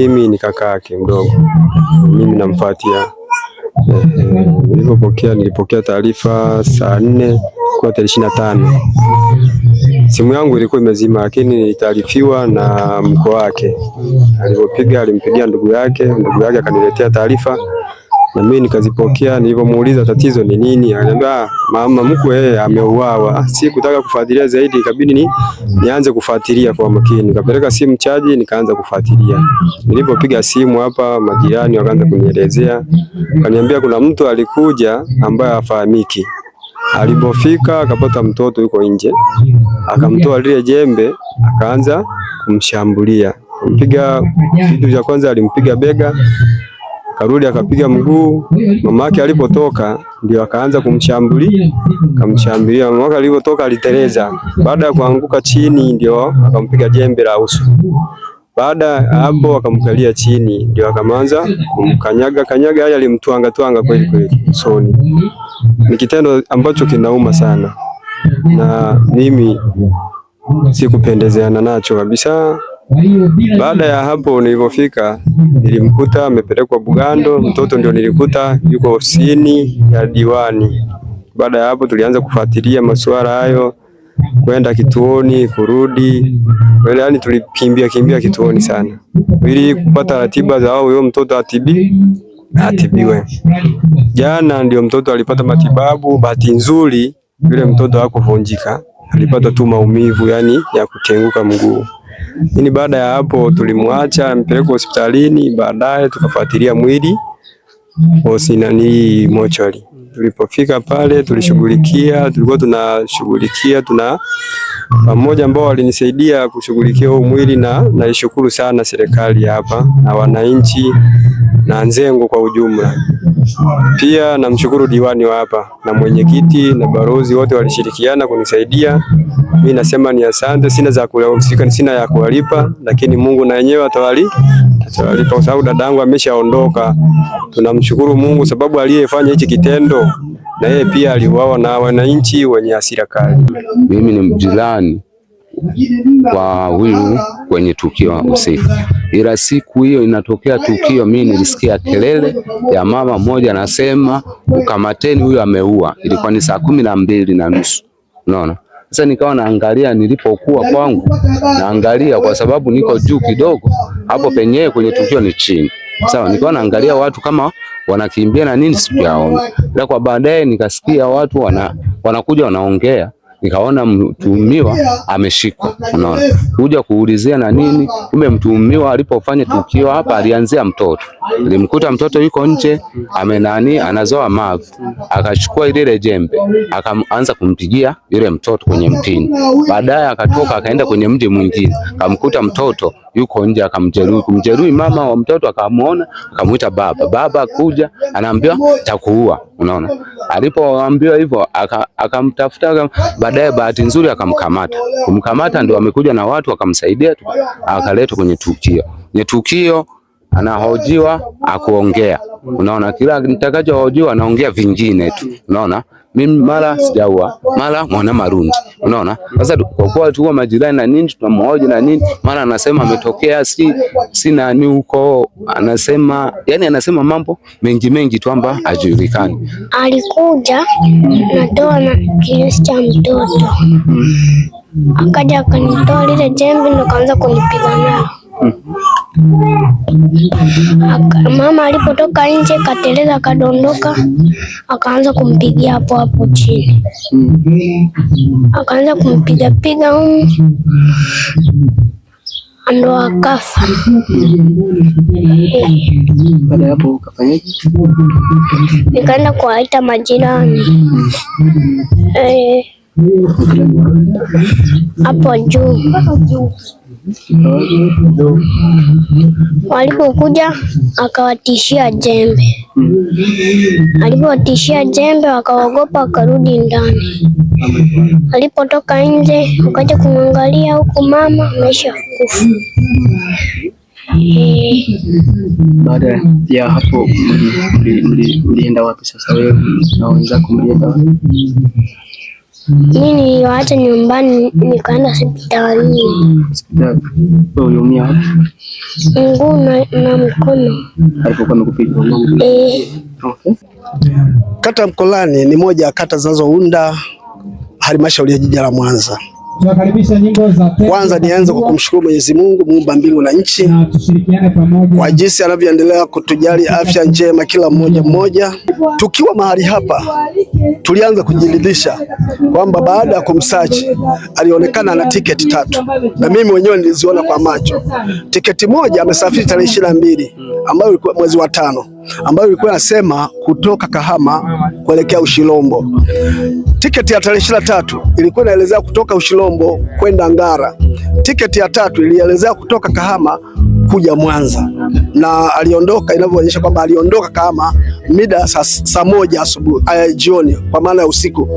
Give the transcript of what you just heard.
Mimi ni kaka yake mdogo, mimi namfuatia. Nilipopokea nilipokea taarifa saa nne kwa tarehe ishirini na tano simu yangu ilikuwa imezima, lakini nilitaarifiwa na mko wake. Alipopiga alimpigia ndugu yake, ndugu yake akaniletea taarifa na mimi nikazipokea. Nilipomuuliza tatizo ni nini, ananiambia mama mkwe yeye ameuawa. Si kutaka kufuatilia zaidi, ikabidi ni nianze kufuatilia kwa makini. Nikapeleka simu chaji, nikaanza kufuatilia. Nilipopiga simu hapa, majirani wakaanza kunielezea, kaniambia kuna mtu alikuja ambaye hafahamiki. Alipofika akapata mtoto yuko nje, akamtoa lile jembe, akaanza kumshambulia, kumpiga. Kitu cha kwanza alimpiga bega karudi akapiga mguu. Mama yake alipotoka ndio akaanza kumshambulia, kamshambulia. Mama yake alipotoka aliteleza, baada ya kuanguka chini ndio akampiga jembe la uso. Baada hapo akamkalia chini, ndio akamanza kumkanyaga kanyaga, yeye alimtwanga twanga kweli kweli usoni. Ni kitendo ambacho kinauma sana, na mimi sikupendezeana nacho kabisa. Baada ya hapo nilivyofika, nilimkuta amepelekwa Bugando, mtoto ndio nilikuta yuko ofisini ya diwani. Baada ya hapo tulianza kufuatilia masuala hayo, kwenda kituoni, kurudi, yaani tulikimbia kimbia kituoni sana, ili kupata ratiba za huyo mtoto atibi atibiwe. Jana ndio mtoto alipata matibabu. Bahati nzuri yule mtoto hakuvunjika, alipata tu maumivu, yani ya kutenguka mguu. Lakini baada ya hapo tulimwacha mpeleko hospitalini, baadaye tukafuatilia mwili osinani mochari. Tulipofika pale tulishughulikia, tulikuwa tunashughulikia tuna pamoja ambao walinisaidia kushughulikia huu mwili, na naishukuru sana serikali hapa na wananchi na Nzengo kwa ujumla. Pia namshukuru diwani wa hapa na mwenyekiti na barozi wote walishirikiana kunisaidia. Mimi nasema ni asante, sina za kulipa, sina ya kuwalipa, lakini Mungu na yenyewe atawali atawalipa kwa sababu dadangu ameshaondoka. Tunamshukuru Mungu sababu aliyefanya hichi kitendo na yeye pia aliuawa na wananchi wenye hasira kali. Mimi ni mjirani kwa huyu kwenye tukio usiku, ila siku hiyo inatokea tukio, mimi nilisikia kelele ya mama mmoja anasema ukamateni, huyu ameua. Ilikuwa ni saa kumi na mbili na nusu unaona. Sasa nikawa naangalia nilipokuwa kwangu, naangalia kwa sababu niko juu kidogo, hapo penyewe kwenye tukio ni chini, sawa. Nikawa naangalia watu kama wanakimbia na nini, sikuyaona, ila kwa baadaye nikasikia watu wana, wanakuja wanaongea nikaona mtuhumiwa ameshikwa, unaona kuja kuulizia na nini, kumbe mtuhumiwa alipofanya tukio hapa alianzia mtoto. Nilimkuta mtoto yuko nje amenani, anazoa mavu, akachukua ile jembe akaanza kumpigia yule mtoto kwenye mtini. Baadaye akatoka akaenda kwenye mji mwingine, akamkuta mtoto yuko nje, akamjeruhi kumjeruhi. Mama wa mtoto akamuona, akamuita baba, baba kuja, anaambiwa takuua. Unaona, alipoambiwa hivyo akamtafuta aka Baadaye bahati nzuri akamkamata, kumkamata ndio amekuja na watu wakamsaidia, akaletwa kwenye tukio. Ni tukio anahojiwa akuongea, unaona kila nitakachohojiwa anaongea vingine tu, unaona mimi mara sijaua, mara mwana marundi. Unaona sasa, kwa kuwa tu majirani na nini, tunamhoji na nini, mara anasema ametokea si si nani huko, anasema yani, anasema mambo mengi mengi tu amba ajulikani. Alikuja natoa na kiasi cha mtoto, akaja akanitoa lile jembe, ndo kaanza kunipiga nao hmm. Mama alipotoka nje kateleza, akadondoka, akaanza kumpigia hapo hapo chini, akaanza kumpiga piga humu, ndo akafa. Baada hapo ukafanyaje? Nikaenda kuwaita majirani eh, hapo juu Walipokuja akawatishia jembe. Alipowatishia jembe wakaogopa, wakarudi ndani. Alipotoka nje wakaja kumwangalia, huku mama maisha kufa. Baada ya hapo mlienda wapi sasa, wewe na wenzako mlienda wapi? Mimi niliwaacha nyumbani nikaenda hospitalini. Mguu na mkono. kata ya Mkolani ni moja ya kata zinazounda halmashauri ya jiji la Mwanza. Kwanza nianze kwa kumshukuru Mwenyezi Mungu muumba mbingu na nchi kwa jinsi anavyoendelea kutujali afya njema kila mmoja mmoja. Tukiwa mahali hapa, tulianza kujiridhisha kwamba baada ya kumsachi alionekana ana tiketi tatu, na mimi mwenyewe niliziona kwa macho. Tiketi moja amesafiri tarehe ishirini na mbili ambayo ilikuwa mwezi wa tano ambayo ilikuwa inasema kutoka Kahama kuelekea Ushilombo. Tiketi ya tarehe ishirini na tatu ilikuwa inaelezea kutoka Ushilombo kwenda Ngara. Tiketi ya tatu ilielezea kutoka Kahama kuja Mwanza, na aliondoka, inavyoonyesha kwamba aliondoka Kahama mida saa moja asubuhi eh, jioni, kwa maana ya usiku.